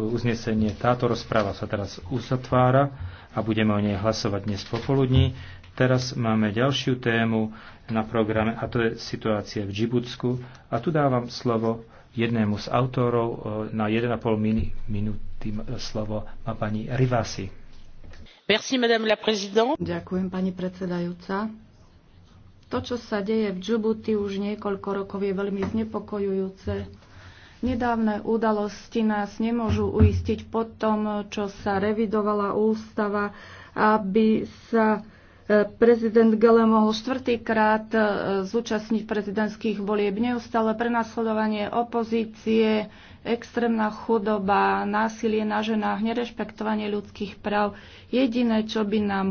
uznesenie. Táto rozpráva sa teraz uzatvára a budeme o nej hlasovať dnes popoludní. Teraz máme ďalšiu tému na programe a to je situácia v Džibutsku. A tu dávam slovo jednému z autorov e, na 1,5 minúty slovo má pani Rivasi. Merci, madame la présidente. Ďakujem, pani predsedajúca. To, čo sa deje v Džibuti už niekoľko rokov, je veľmi znepokojujúce Nedávne udalosti nás nemôžu uistiť po tom, čo sa revidovala ústava, aby sa e, prezident Gele mohol štvrtýkrát e, zúčastniť prezidentských volieb. Neustále prenasledovanie opozície, extrémna chudoba, násilie na ženách, nerešpektovanie ľudských práv. Jediné, čo by nám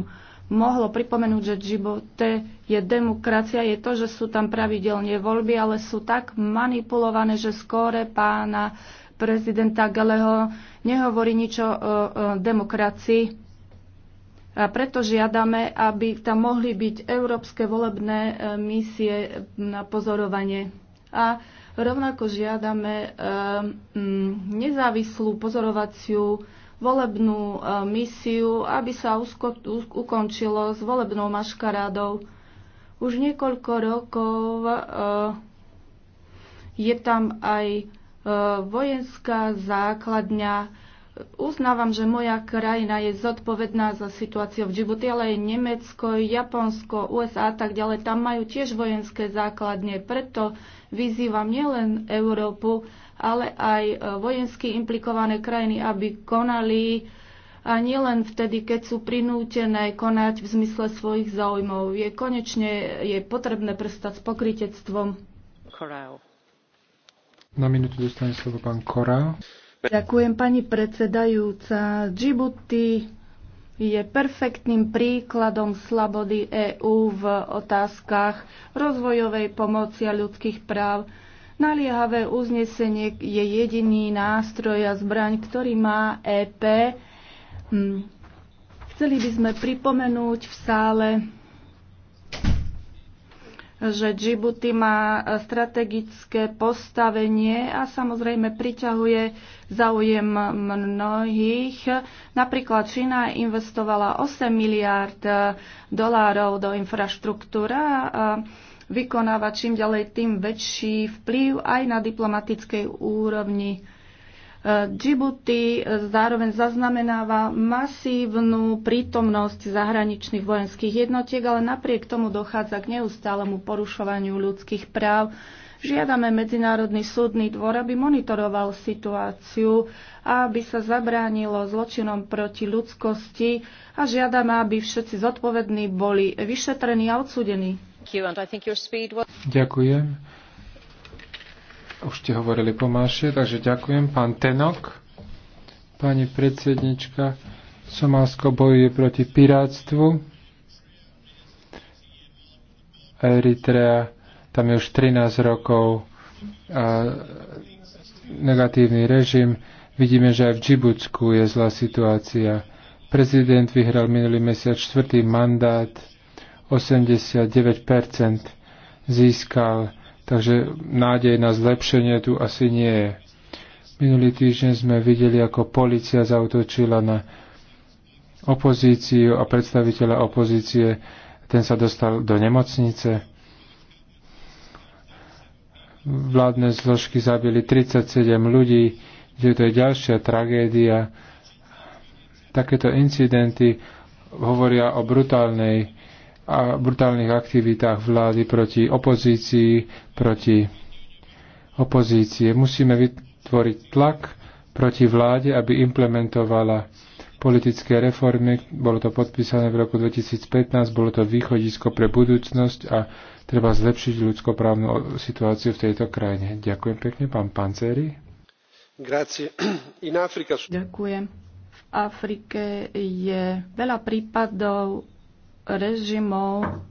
mohlo pripomenúť, že Džibote je demokracia, je to, že sú tam pravidelne voľby, ale sú tak manipulované, že skóre pána prezidenta Galeho nehovorí nič o, o, demokracii. A preto žiadame, aby tam mohli byť európske volebné e, misie na pozorovanie. A rovnako žiadame e, nezávislú pozorovaciu volebnú e, misiu, aby sa usko, ukončilo s volebnou maškarádou. Už niekoľko rokov e, je tam aj e, vojenská základňa. Uznávam, že moja krajina je zodpovedná za situáciu v Džibuti, ale aj Nemecko, Japonsko, USA a tak ďalej. Tam majú tiež vojenské základne. Preto vyzývam nielen Európu, ale aj e, vojensky implikované krajiny, aby konali a nielen vtedy, keď sú prinútené konať v zmysle svojich záujmov. Je konečne je potrebné prestať s pokritectvom. Korau. Na minútu dostane slovo pán Korau. Ďakujem pani predsedajúca. Djibouti je perfektným príkladom slabody EÚ v otázkach rozvojovej pomoci a ľudských práv. Naliehavé uznesenie je jediný nástroj a zbraň, ktorý má EP. Hm. Chceli by sme pripomenúť v sále, že Djibouti má strategické postavenie a samozrejme priťahuje záujem mnohých. Napríklad Čína investovala 8 miliárd dolárov do infraštruktúra. A vykonáva čím ďalej tým väčší vplyv aj na diplomatickej úrovni. E, Djibouti e, zároveň zaznamenáva masívnu prítomnosť zahraničných vojenských jednotiek, ale napriek tomu dochádza k neustálemu porušovaniu ľudských práv. Žiadame Medzinárodný súdny dvor, aby monitoroval situáciu, aby sa zabránilo zločinom proti ľudskosti a žiadame, aby všetci zodpovední boli vyšetrení a odsudení. Ďakujem. Už ste hovorili pomalšie, takže ďakujem. Pán Tenok, pani predsednička, Somálsko bojuje proti pirátstvu. Eritrea, tam je už 13 rokov a negatívny režim. Vidíme, že aj v Džibutsku je zlá situácia. Prezident vyhral minulý mesiac čtvrtý mandát 89% získal, takže nádej na zlepšenie tu asi nie je. Minulý týždeň sme videli, ako policia zautočila na opozíciu a predstaviteľa opozície, ten sa dostal do nemocnice. Vládne zložky zabili 37 ľudí, že to je ďalšia tragédia. Takéto incidenty hovoria o brutálnej a brutálnych aktivitách vlády proti opozícii, proti opozície. Musíme vytvoriť tlak proti vláde, aby implementovala politické reformy. Bolo to podpísané v roku 2015, bolo to východisko pre budúcnosť a treba zlepšiť ľudskoprávnu situáciu v tejto krajine. Ďakujem pekne, pán Panceri. Ďakujem. V Afrike je veľa prípadov režimov,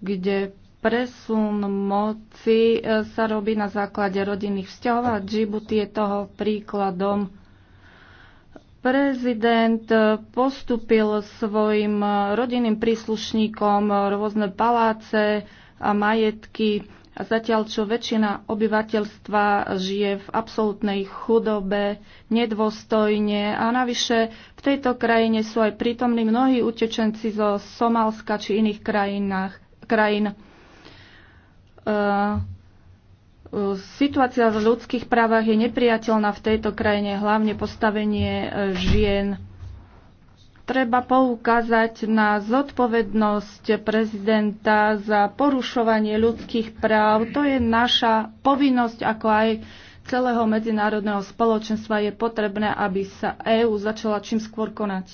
kde presun moci e, sa robí na základe rodinných vzťahov a Džibuti je toho príkladom. Prezident e, postupil svojim e, rodinným príslušníkom rôzne paláce a majetky Zatiaľ, čo väčšina obyvateľstva žije v absolútnej chudobe, nedôstojne a navyše v tejto krajine sú aj prítomní mnohí utečenci zo Somálska či iných krajinách, krajín. Uh, Situácia v ľudských právach je nepriateľná v tejto krajine, hlavne postavenie e, žien treba poukázať na zodpovednosť prezidenta za porušovanie ľudských práv. To je naša povinnosť, ako aj celého medzinárodného spoločenstva. Je potrebné, aby sa EÚ začala čím skôr konať.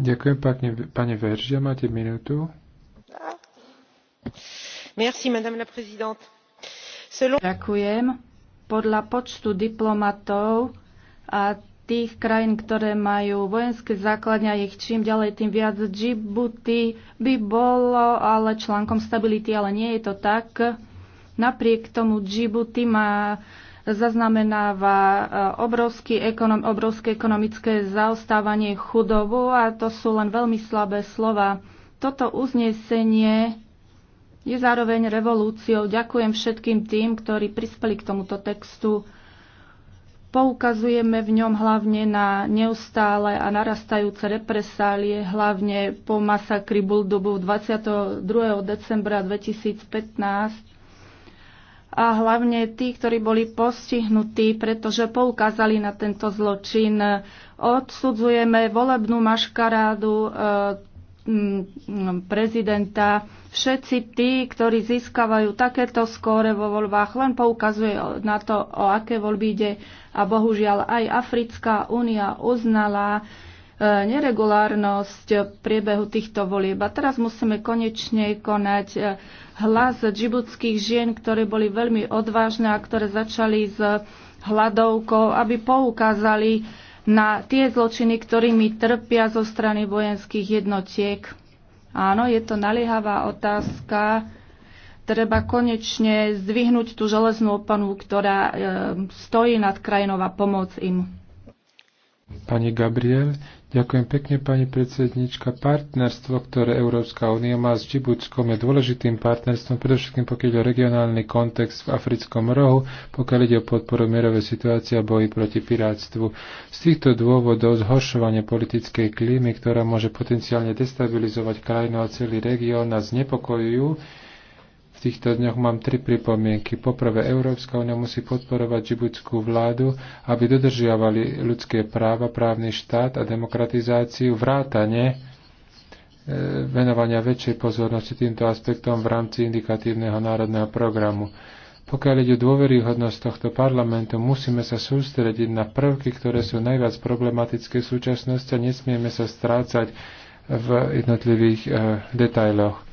Ďakujem pani, pani Veržia. Máte minútu. Merci, madame la présidente. Selon... Ďakujem. Podľa počtu diplomatov a tých krajín, ktoré majú vojenské základňa, ich čím ďalej, tým viac. Djibouti by bolo ale článkom stability, ale nie je to tak. Napriek tomu Djibouti má zaznamenáva e, obrovský ekonom, obrovské ekonomické zaostávanie chudobu a to sú len veľmi slabé slova. Toto uznesenie je zároveň revolúciou. Ďakujem všetkým tým, ktorí prispeli k tomuto textu. Poukazujeme v ňom hlavne na neustále a narastajúce represálie, hlavne po masakri Buldubu 22. decembra 2015 a hlavne tí, ktorí boli postihnutí, pretože poukázali na tento zločin. Odsudzujeme volebnú maškarádu e, prezidenta. Všetci tí, ktorí získavajú takéto skóre vo voľbách, len poukazuje na to, o aké voľby ide. A bohužiaľ aj Africká únia uznala e, neregulárnosť priebehu týchto volieb. A teraz musíme konečne konať e, hlas džibutských žien, ktoré boli veľmi odvážne a ktoré začali s hladovkou, aby poukázali na tie zločiny, ktorými trpia zo strany vojenských jednotiek. Áno, je to naliehavá otázka. Treba konečne zdvihnúť tú železnú oponu, ktorá e, stojí nad krajinou a pomôcť im. Pani Gabriel, ďakujem pekne, pani predsednička. Partnerstvo, ktoré Európska únia má s Džibutskom, je dôležitým partnerstvom, predovšetkým pokiaľ ide o regionálny kontext v africkom rohu, pokiaľ ide o podporu mierovej situácie a boji proti pirátstvu. Z týchto dôvodov zhoršovanie politickej klímy, ktorá môže potenciálne destabilizovať krajinu a celý región, nás znepokojujú v týchto dňoch mám tri pripomienky. Poprvé, Európska únia musí podporovať džibutskú vládu, aby dodržiavali ľudské práva, právny štát a demokratizáciu, vrátane e, venovania väčšej pozornosti týmto aspektom v rámci indikatívneho národného programu. Pokiaľ ide o dôveryhodnosť tohto parlamentu, musíme sa sústrediť na prvky, ktoré sú najviac problematické v súčasnosti a nesmieme sa strácať v jednotlivých e, detailoch.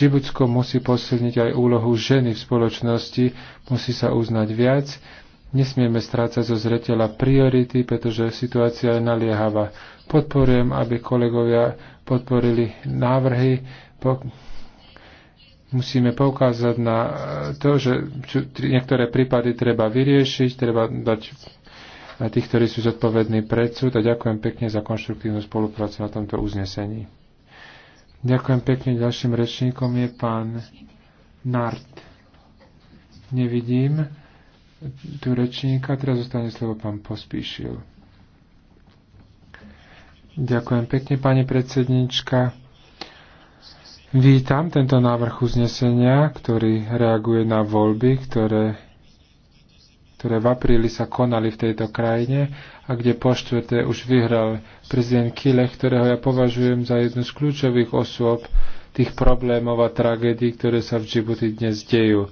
Džibutsko musí posilniť aj úlohu ženy v spoločnosti, musí sa uznať viac. Nesmieme strácať zo zreteľa priority, pretože situácia je naliehavá. Podporujem, aby kolegovia podporili návrhy. Po... Musíme poukázať na eh, to, že niektoré prípady treba vyriešiť, treba dať na tých, ktorí sú zodpovední predsud. a ďakujem pekne za konštruktívnu spoluprácu na tomto uznesení. Ďakujem pekne. Ďalším rečníkom je pán Nart. Nevidím tu rečníka. Teraz zostane slovo pán Pospíšil. Ďakujem pekne, pani predsednička. Vítam tento návrh uznesenia, ktorý reaguje na voľby, ktoré ktoré v apríli sa konali v tejto krajine a kde po štvrté už vyhral prezident Kile, ktorého ja považujem za jednu z kľúčových osôb tých problémov a tragédií, ktoré sa v Džibuti dnes dejú.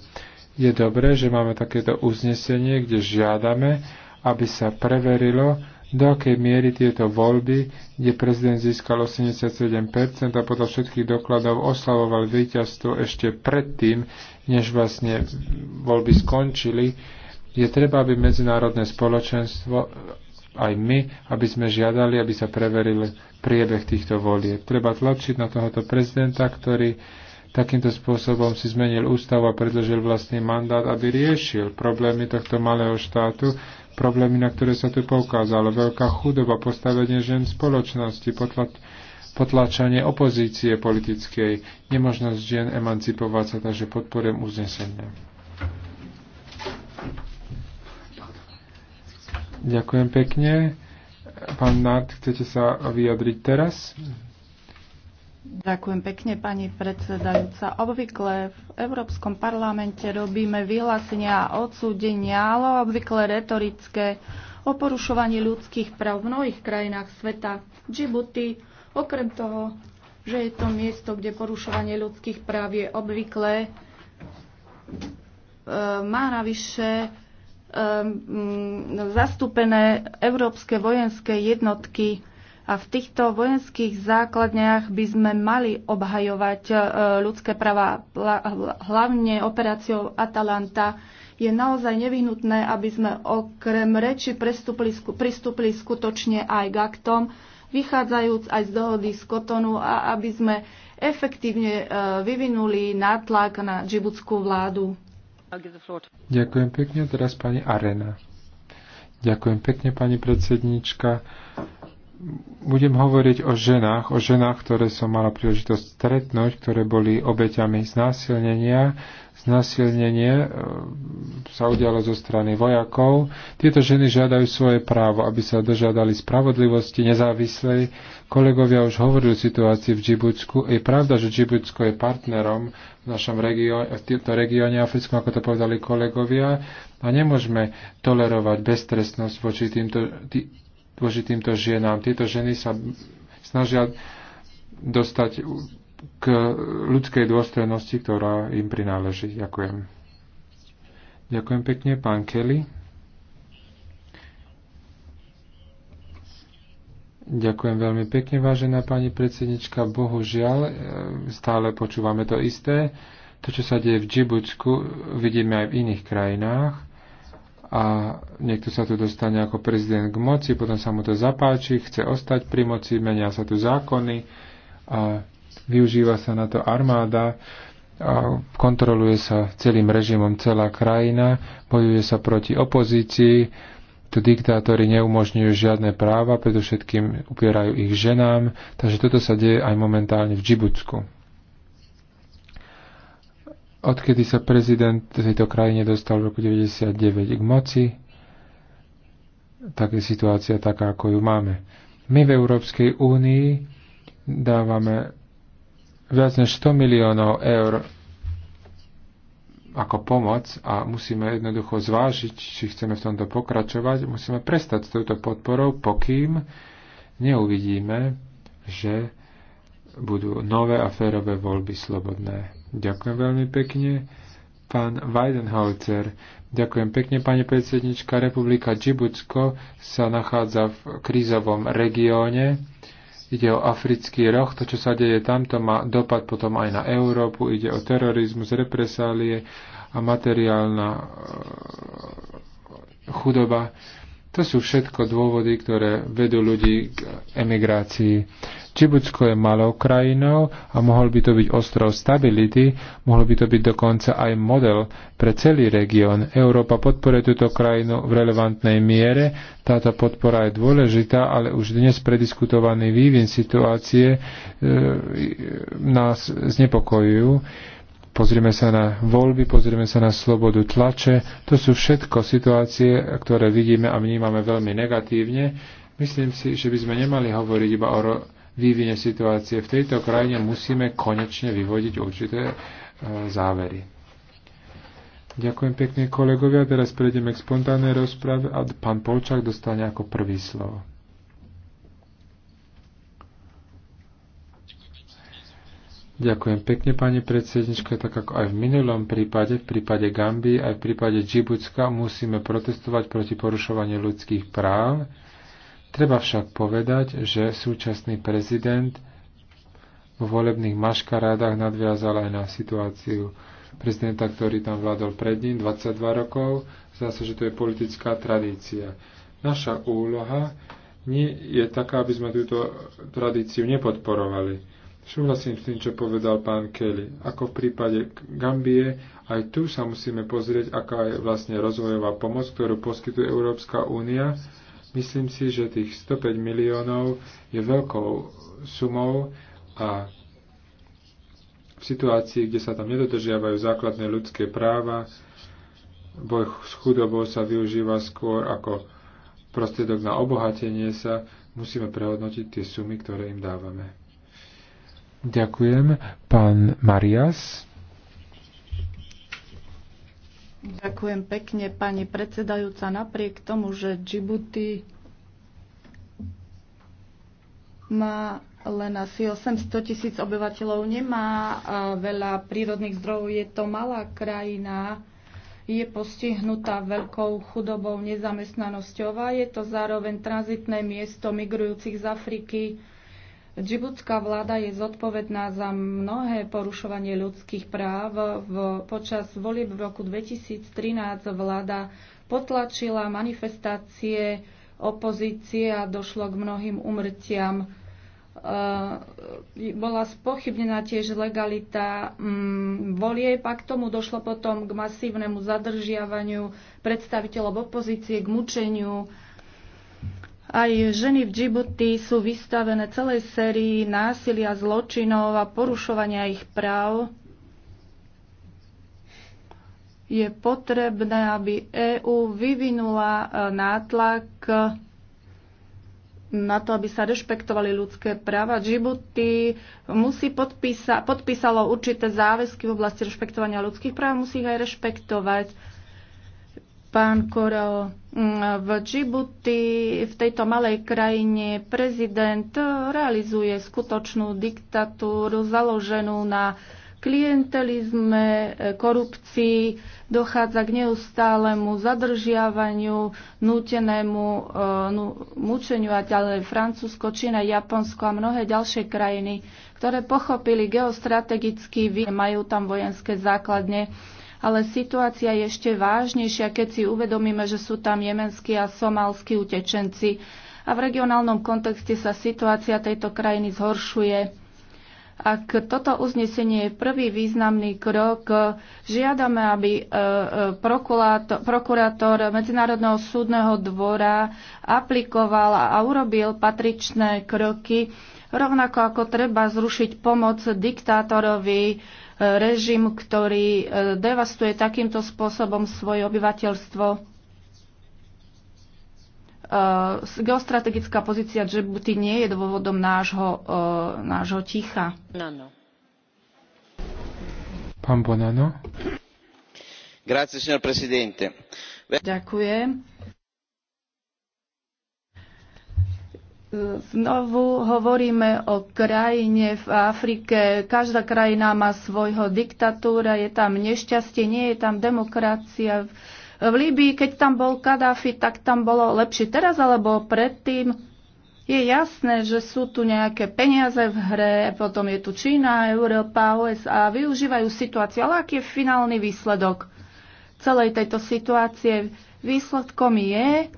Je dobré, že máme takéto uznesenie, kde žiadame, aby sa preverilo, do akej miery tieto voľby, kde prezident získal 87% a podľa všetkých dokladov oslavoval víťazstvo ešte predtým, než vlastne voľby skončili, je treba, aby medzinárodné spoločenstvo aj my, aby sme žiadali, aby sa preveril priebeh týchto volieb. Treba tlačiť na tohoto prezidenta, ktorý takýmto spôsobom si zmenil ústavu a predložil vlastný mandát, aby riešil problémy tohto malého štátu, problémy, na ktoré sa tu poukázalo. Veľká chudoba, postavenie žen v spoločnosti, potlač potlačanie opozície politickej, nemožnosť žien emancipovať sa, takže podporujem uznesenia. Ďakujem pekne. Pán Nart, chcete sa vyjadriť teraz? Ďakujem pekne, pani predsedajúca. Obvykle v Európskom parlamente robíme vyhlásenia a odsúdenia, ale obvykle retorické o porušovaní ľudských práv v mnohých krajinách sveta. Džibuti, okrem toho, že je to miesto, kde porušovanie ľudských práv je obvyklé, e, má navyše Ehm, mm, zastúpené európske vojenské jednotky a v týchto vojenských základniach by sme mali obhajovať e, ľudské práva, hlavne operáciou Atalanta. Je naozaj nevyhnutné, aby sme okrem reči pristúpili skutočne aj k aktom, vychádzajúc aj z dohody z Kotonu a aby sme efektívne e, vyvinuli nátlak na džibutskú vládu. Ďakujem pekne, teraz pani Arena. Ďakujem pekne, pani predsednička budem hovoriť o ženách, o ženách, ktoré som mala príležitosť stretnúť, ktoré boli obeťami znásilnenia. Znásilnenie e, sa udialo zo strany vojakov. Tieto ženy žiadajú svoje právo, aby sa dožiadali spravodlivosti nezávislej. Kolegovia už hovorili o situácii v Džibutsku. Je pravda, že Džibutsko je partnerom v našom regióne, v regióne africkom, ako to povedali kolegovia. A nemôžeme tolerovať beztrestnosť voči týmto tý, voči týmto ženám. Tieto ženy sa snažia dostať k ľudskej dôstojnosti, ktorá im prináleží. Ďakujem. Ďakujem pekne, pán Kelly. Ďakujem veľmi pekne, vážená pani predsednička. Bohužiaľ, e, stále počúvame to isté. To, čo sa deje v Džibutsku, vidíme aj v iných krajinách a niekto sa tu dostane ako prezident k moci, potom sa mu to zapáči, chce ostať pri moci, menia sa tu zákony a využíva sa na to armáda, a kontroluje sa celým režimom celá krajina, bojuje sa proti opozícii, tu diktátori neumožňujú žiadne práva, predovšetkým upierajú ich ženám, takže toto sa deje aj momentálne v Džibutsku odkedy sa prezident tejto krajine dostal v roku 99 k moci, tak je situácia taká, ako ju máme. My v Európskej únii dávame viac než 100 miliónov eur ako pomoc a musíme jednoducho zvážiť, či chceme v tomto pokračovať. Musíme prestať s touto podporou, pokým neuvidíme, že budú nové a férové voľby slobodné. Ďakujem veľmi pekne. Pán Weidenholzer, ďakujem pekne, pani predsednička. Republika Džibutsko sa nachádza v krízovom regióne. Ide o africký roh, to, čo sa deje tam, to má dopad potom aj na Európu. Ide o terorizmus, represálie a materiálna e, chudoba. To sú všetko dôvody, ktoré vedú ľudí k emigrácii. Čibutsko je malou krajinou a mohol by to byť ostrov stability, mohol by to byť dokonca aj model pre celý región. Európa podporuje túto krajinu v relevantnej miere, táto podpora je dôležitá, ale už dnes prediskutovaný vývin situácie e, e nás znepokojujú Pozrieme sa na voľby, pozrieme sa na slobodu tlače. To sú všetko situácie, ktoré vidíme a vnímame veľmi negatívne. Myslím si, že by sme nemali hovoriť iba o vývine situácie. V tejto krajine musíme konečne vyvodiť určité e, závery. Ďakujem pekne kolegovia. Teraz prejdeme k spontánnej rozprave a pán Polčák dostane ako prvý slovo. Ďakujem pekne, pani predsednička, tak ako aj v minulom prípade, v prípade Gambii, aj v prípade Džibutska musíme protestovať proti porušovaniu ľudských práv. Treba však povedať, že súčasný prezident vo volebných maškarádach nadviazal aj na situáciu prezidenta, ktorý tam vládol pred ním 22 rokov. Zdá sa, že to je politická tradícia. Naša úloha nie je taká, aby sme túto tradíciu nepodporovali Súhlasím s tým, čo povedal pán Kelly. Ako v prípade Gambie, aj tu sa musíme pozrieť, aká je vlastne rozvojová pomoc, ktorú poskytuje Európska únia. Myslím si, že tých 105 miliónov je veľkou sumou a v situácii, kde sa tam nedodržiavajú základné ľudské práva, boj s chudobou sa využíva skôr ako prostriedok na obohatenie sa, musíme prehodnotiť tie sumy, ktoré im dávame. Ďakujem. Pán Marias. Ďakujem pekne, pani predsedajúca. Napriek tomu, že Djibouti má len asi 800 tisíc obyvateľov, nemá veľa prírodných zdrojov, je to malá krajina, je postihnutá veľkou chudobou, nezamestnanosťou a je to zároveň tranzitné miesto migrujúcich z Afriky Džibutská vláda je zodpovedná za mnohé porušovanie ľudských práv. V, počas volieb v roku 2013 vláda potlačila manifestácie opozície a došlo k mnohým umrtiam. E, bola spochybnená tiež legalita mm, Volie pak k tomu došlo potom k masívnemu zadržiavaniu predstaviteľov opozície, k mučeniu aj ženy v Džibuti sú vystavené celej sérii násilia, zločinov a porušovania ich práv. Je potrebné, aby EÚ vyvinula e, nátlak e, na to, aby sa rešpektovali ľudské práva. Džibuti musí podpísa, podpísalo určité záväzky v oblasti rešpektovania ľudských práv, musí ich aj rešpektovať Pán Korel, mm, v Džibuti, v tejto malej krajine, prezident realizuje skutočnú diktatúru založenú na klientelizme, korupcii, dochádza k neustálemu zadržiavaniu, nútenému e, nú, mučeniu a ďalej Francúzsko, Čína, Japonsko a mnohé ďalšie krajiny, ktoré pochopili geostrategický majú tam vojenské základne ale situácia je ešte vážnejšia, keď si uvedomíme, že sú tam jemenskí a somálsky utečenci. A v regionálnom kontexte sa situácia tejto krajiny zhoršuje. Ak toto uznesenie je prvý významný krok, žiadame, aby e, e, prokurátor Medzinárodného súdneho dvora aplikoval a urobil patričné kroky, rovnako ako treba zrušiť pomoc diktátorovi režim, ktorý e, devastuje takýmto spôsobom svoje obyvateľstvo e, geostrategická pozícia Džibuti nie je dôvodom nášho, e, nášho ticha. Nano. Pán Bonano. Grazie, signor Presidente. Ďakujem. Znovu hovoríme o krajine v Afrike. Každá krajina má svojho diktatúra, je tam nešťastie, nie je tam demokracia. V Líbii, keď tam bol Kadáfi, tak tam bolo lepšie teraz alebo predtým. Je jasné, že sú tu nejaké peniaze v hre, potom je tu Čína, Európa, USA, využívajú situáciu, ale aký je finálny výsledok celej tejto situácie? Výsledkom je,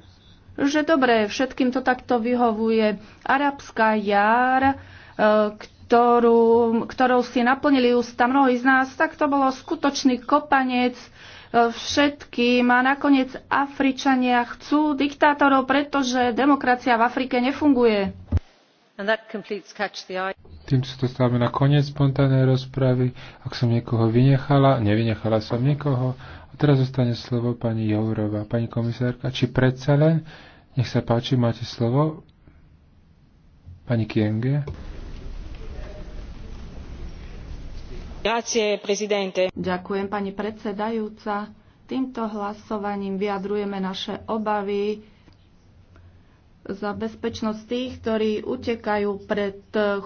že dobre, všetkým to takto vyhovuje. Arabská jar, e, ktorú, ktorou si naplnili ústa mnohí z nás, tak to bolo skutočný kopanec e, všetkým a nakoniec Afričania chcú diktátorov, pretože demokracia v Afrike nefunguje. Tým sa dostávame na koniec spontánnej rozpravy. Ak som niekoho vynechala, nevynechala som niekoho. A teraz zostane slovo pani Jourova. Pani komisárka, či predsa len nech sa páči, máte slovo. Pani Kienge. Ďakujem, pani predsedajúca. Týmto hlasovaním vyjadrujeme naše obavy za bezpečnosť tých, ktorí utekajú pred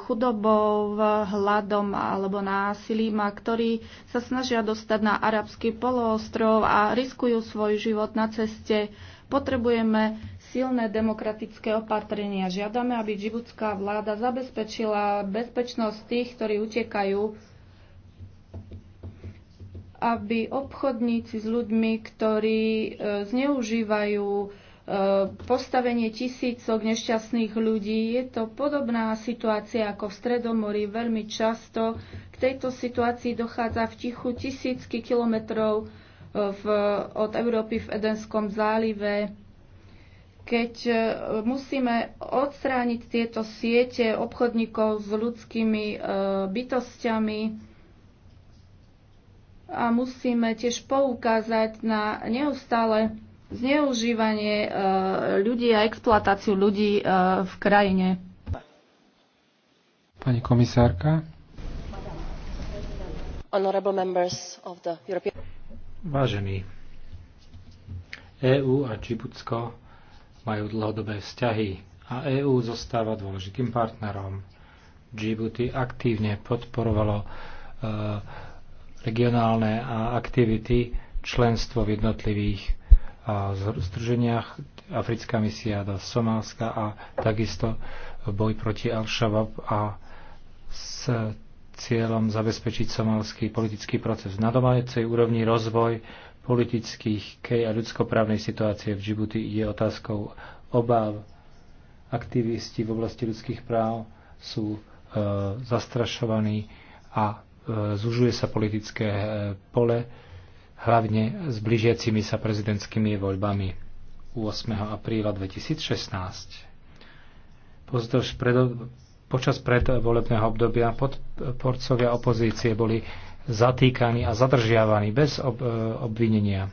chudobou, hladom alebo násilím a ktorí sa snažia dostať na arabský poloostrov a riskujú svoj život na ceste. Potrebujeme silné demokratické opatrenia. Žiadame, aby džibutská vláda zabezpečila bezpečnosť tých, ktorí utekajú, aby obchodníci s ľuďmi, ktorí e, zneužívajú e, postavenie tisícok nešťastných ľudí. Je to podobná situácia ako v Stredomori. Veľmi často k tejto situácii dochádza v tichu tisícky kilometrov e, v, od Európy v Edenskom zálive keď e, musíme odstrániť tieto siete obchodníkov s ľudskými e, bytostiami a musíme tiež poukázať na neustále zneužívanie e, ľudí a exploatáciu ľudí v krajine. Pani komisárka. Honorable members of the European... Vážení, EÚ a Čibutsko majú dlhodobé vzťahy a EÚ zostáva dôležitým partnerom. Djibouti aktívne podporovalo e, regionálne a aktivity členstvo v jednotlivých a e, združeniach Africká misia do Somálska a takisto boj proti Al-Shabaab a s cieľom zabezpečiť somalský politický proces. Na domácej úrovni rozvoj politických a ľudskoprávnej situácie v Džibuti je otázkou obáv. Aktivisti v oblasti ľudských práv sú e, zastrašovaní a e, zužuje sa politické e, pole, hlavne s blížiacimi sa prezidentskými voľbami 8. apríla 2016. Pozdĺž predo, počas predvolebného obdobia podporcovia opozície boli zatýkaní a zadržiavaní bez ob, e, obvinenia.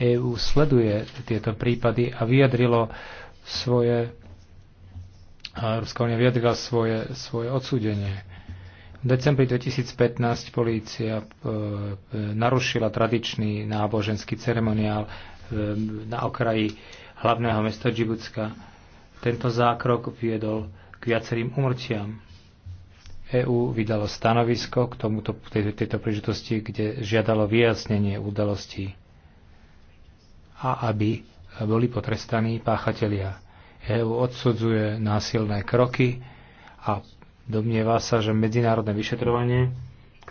EÚ sleduje tieto prípady a vyjadrilo svoje a Európska únia vyjadrila svoje, svoje odsúdenie. V decembri 2015 polícia e, e, narušila tradičný náboženský ceremoniál na okraji hlavného mesta Džibutska. Tento zákrok viedol k viacerým umrtiam. EÚ vydalo stanovisko k tomuto, tejto, tejto príležitosti, kde žiadalo vyjasnenie udalostí a aby boli potrestaní páchatelia. EÚ odsudzuje násilné kroky a domnieva sa, že medzinárodné vyšetrovanie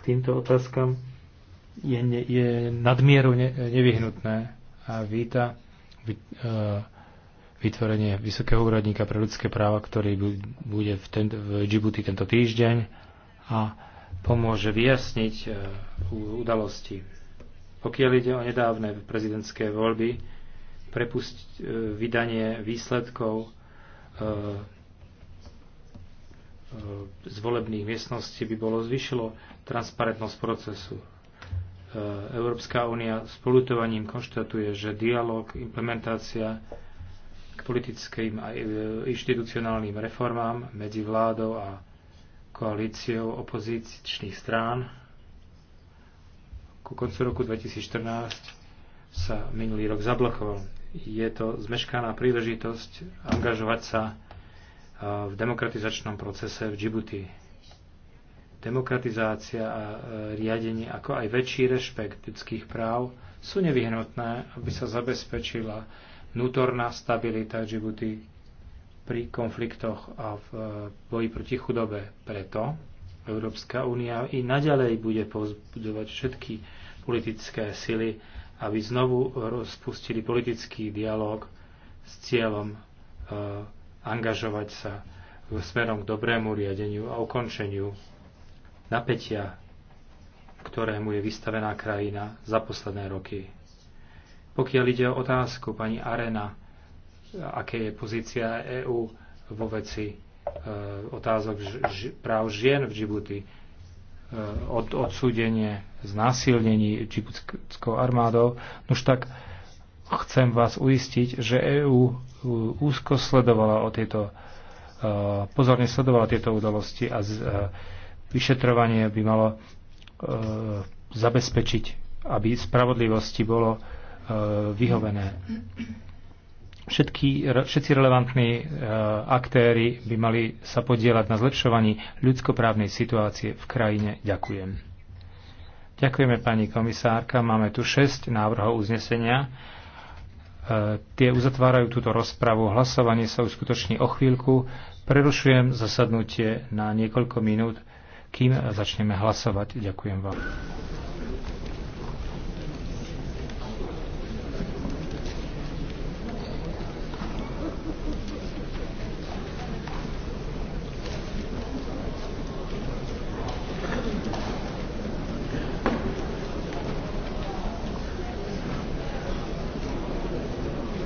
k týmto otázkam je, ne, je nadmieru ne, nevyhnutné a víta vy, uh, e, vytvorenie vysokého úradníka pre ľudské práva, ktorý bude v, ten, v Džibuti tento týždeň a pomôže vyjasniť e, udalosti. Pokiaľ ide o nedávne prezidentské voľby, prepustiť e, vydanie výsledkov e, z volebných miestností by bolo zvyšilo transparentnosť procesu. Európska únia s polutovaním konštatuje, že dialog, implementácia k politickým a e, inštitucionálnym reformám medzi vládou a koalíciou opozičných strán. Ku koncu roku 2014 sa minulý rok zablokoval. Je to zmeškaná príležitosť angažovať sa e, v demokratizačnom procese v Džibuti. Demokratizácia a e, riadenie, ako aj väčší rešpekt ľudských práv sú nevyhnutné, aby sa zabezpečila vnútorná stabilita Džibuty pri konfliktoch a v e, boji proti chudobe. Preto Európska únia i naďalej bude pozbudovať všetky politické sily, aby znovu rozpustili politický dialog s cieľom e, angažovať sa v smerom k dobrému riadeniu a ukončeniu napätia, ktorému je vystavená krajina za posledné roky. Pokiaľ ide o otázku pani Arena, aké je pozícia EÚ vo veci e, otázok ž, ž, práv žien v Džibuti, e, od odsúdenie znásilnení džibutskou armádou, nož tak chcem vás uistiť, že EÚ e, úzko sledovala o tieto e, pozorne sledovala tieto udalosti a e, vyšetrovanie by malo zabezpečiť, aby spravodlivosti bolo E, vyhovené. Všetky, všetci relevantní e, aktéry by mali sa podielať na zlepšovaní ľudskoprávnej situácie v krajine. Ďakujem. Ďakujeme pani komisárka. Máme tu 6 návrhov uznesenia. E, tie uzatvárajú túto rozpravu. Hlasovanie sa uskutoční o chvíľku. Prerušujem zasadnutie na niekoľko minút, kým začneme hlasovať. Ďakujem vám.